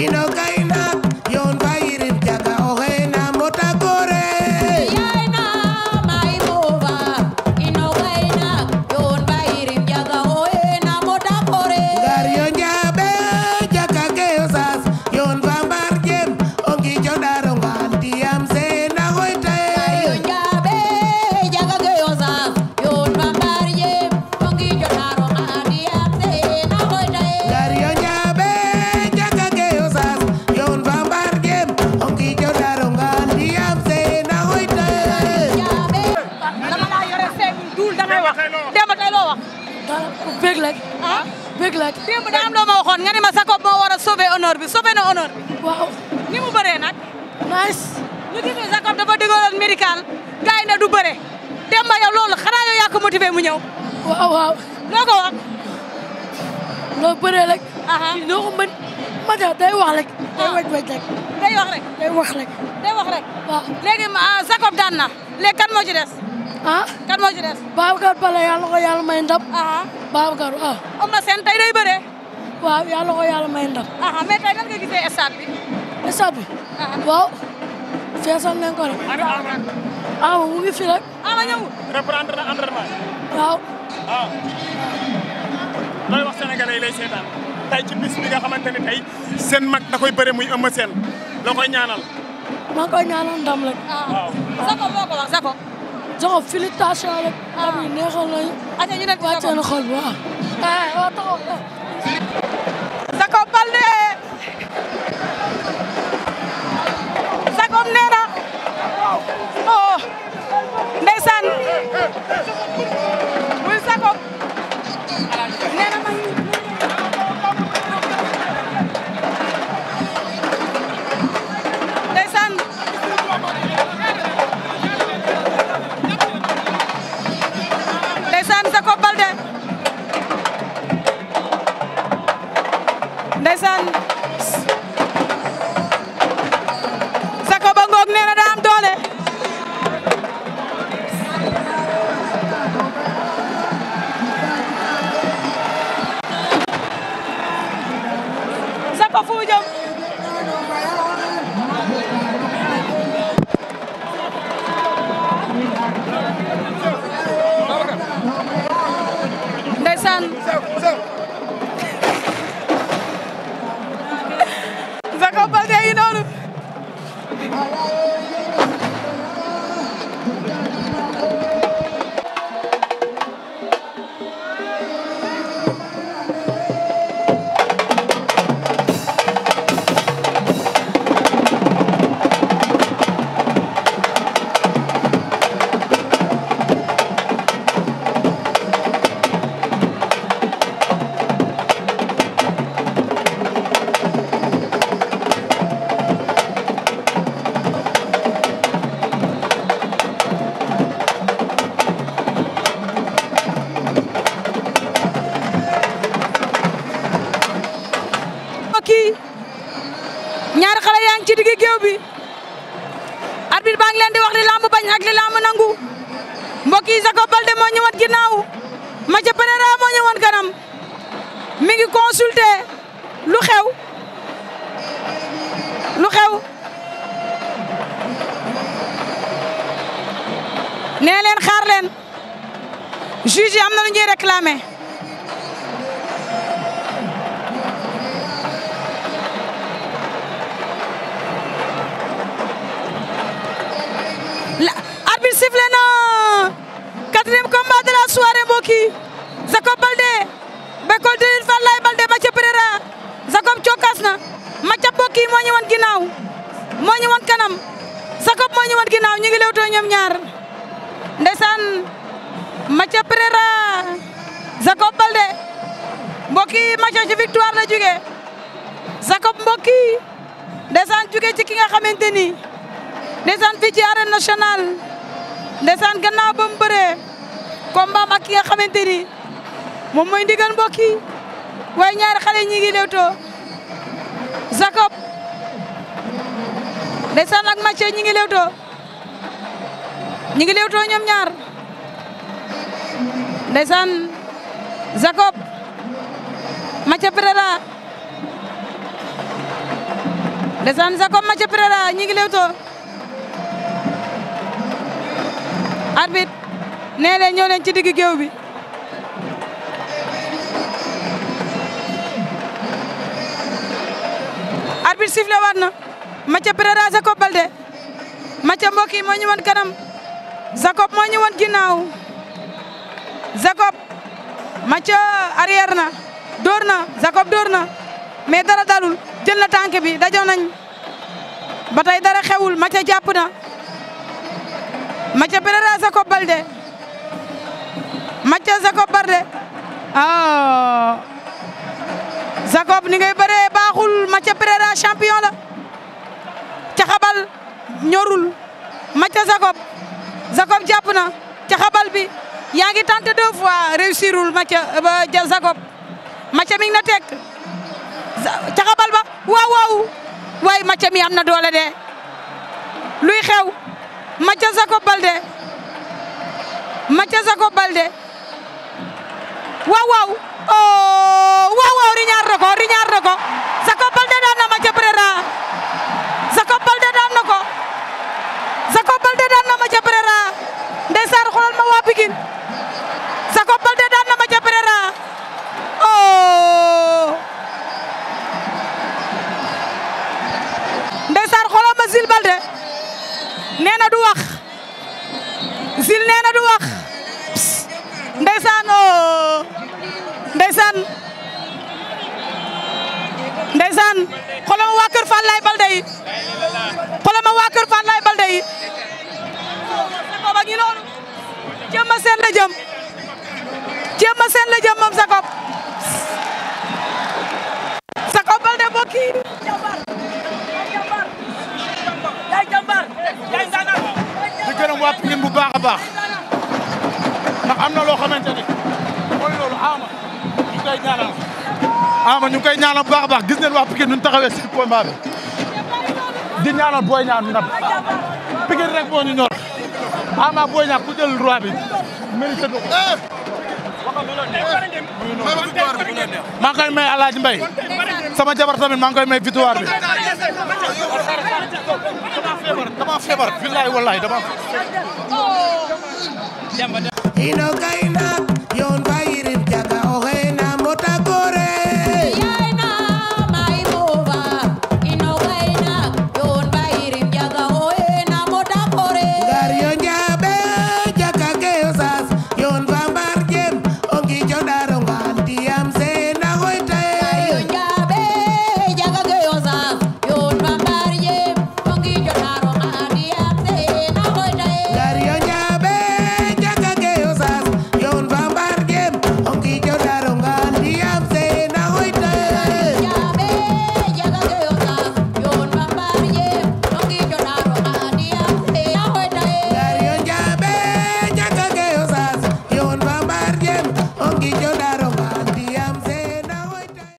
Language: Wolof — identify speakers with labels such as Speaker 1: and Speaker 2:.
Speaker 1: y no caí
Speaker 2: bëgg rek. ah mu bëree nag. nice. wax. loo bëree wax rek. day ah. Jacob ah, daan na léegi kan moo ci ah kan moo ci des. Babacar Bale yàlla ko yàlla may ndam. Babacar ah. day bëree. waaw yàlla ko yàlla may ndam. mais tey nan nga gisee stade bi. stade bi. waaw. feesal nañ ko rek. ah mu ngi fi ma ñëw. reprendre na entraînement. waaw. ah.
Speaker 1: looy wax sénégalais yi lay seetaan tey ci bis bi nga xamante ne tey seen mag da koy bëre muy Eumeu Sène la ñaanal.
Speaker 2: maa ngi ñaanal ndam rek. Ah. genre félicitation rek. ah am neexal nañu. ati ah, ñu nekk ci sama
Speaker 1: xol ah,
Speaker 2: waaw. Jacob Baldé. diggi géew bi arbitre baa ngi leen di wax li bañ ak li nangu mbokk yi Jacob Baldé moo ñëwaat ginnaaw Mathieu Pereira moo ñëwaat kanam mi ngi consulter lu xew lu xew nee leen xaar am na lu ñuy réclamer kii moo ñu wan ginnaaw moo ñu wan kanam Jacob moo ñu wan ginnaaw ñu ngi lewtoo ñoom ñaar ndeysaan Mathia Pereira Jacob Baldé mbokk yi Mathia ci victoire la jóge Jacob mbokk yi ndeysaan jóge ci ki nga xamante ni ndeysaan fii ci arène nationale ndeysaan gannaaw ba mu bëree combat ak ki nga xamante ni moom mooy ndigal mbokk yi waaye ñaari xale ñi ngi Jacob ndeysaan ak Mathieu ñi ngi lewtoo ñi ngi lewtoo ñoom ñaar ndeysaan Jacob Mathieu Pereira ndeysaan Jacob Mathieu Pereira ñi ngi lewtoo arbitre nee leen ñoo ci digg géew bi arbitre sifflé waat na Mathia Pereira Jacob Baldé Mathia mbokk yi moo ñu woon kanam Jacob moo ñu woon ginnaaw Jacob Mathia arrière na door na Jacob door na mais dara dalul jël na tànk bi dajoo nañ ba tey dara xewul Mathia jàpp na Mathia Pereira Jacob Baldé Mathia Jacob Baldé ah. Jacob ni ngay bëree baaxul Mathia Pereira champion la caxabal ñorul Mathia Jacob Jacob jàpp na caxabal bi yaa ngi tenté deux fois réussirul Mathia euh, ba Jacob Mathia mi ngi na teg caxabal ba waaw waaw waay Mathia mi am na doole de luy xew Mathia Jacob Baldé Mathia Jacob Baldé waaw waaw oh waaw waaw riñaar na riñaar na ko Jacob Baldé daan na Mathieu Preira Jacob Baldé daan na ko Jacob Baldé daan na ma waa Pikine Jacob Baldé daan na Mathieu Preira oh ndeysaan xoolal ma Zil Baldé nee na du wax Zil nee du wax naan xolama waa kër Falaye Baldé yi xolama waa kër Falaye Baldé yi booba ngi noonu jéem a seen la jëm jéem a seen la jëm moom Jacob Jacob Baldé bokki jàmbar jàmbar
Speaker 1: yaay jàmbar yaay ndaanaan di gërëm waa Pikine bu baax a baax ndax am na loo xamante ni mooy loolu ama ñu koy ñaanal ama ñu koy ñaanal bu baax baax gis ngeen wax Pikine nu ñu taxawee si combat bi di ñaanal Boy Niang ndam Pikine rek moo ñu ñor ama Boy Niang ku jël roi bi mérité
Speaker 2: na maa ngi may Alaaji Mbay sama jabar tamit maa ngi koy may victoire
Speaker 1: bi.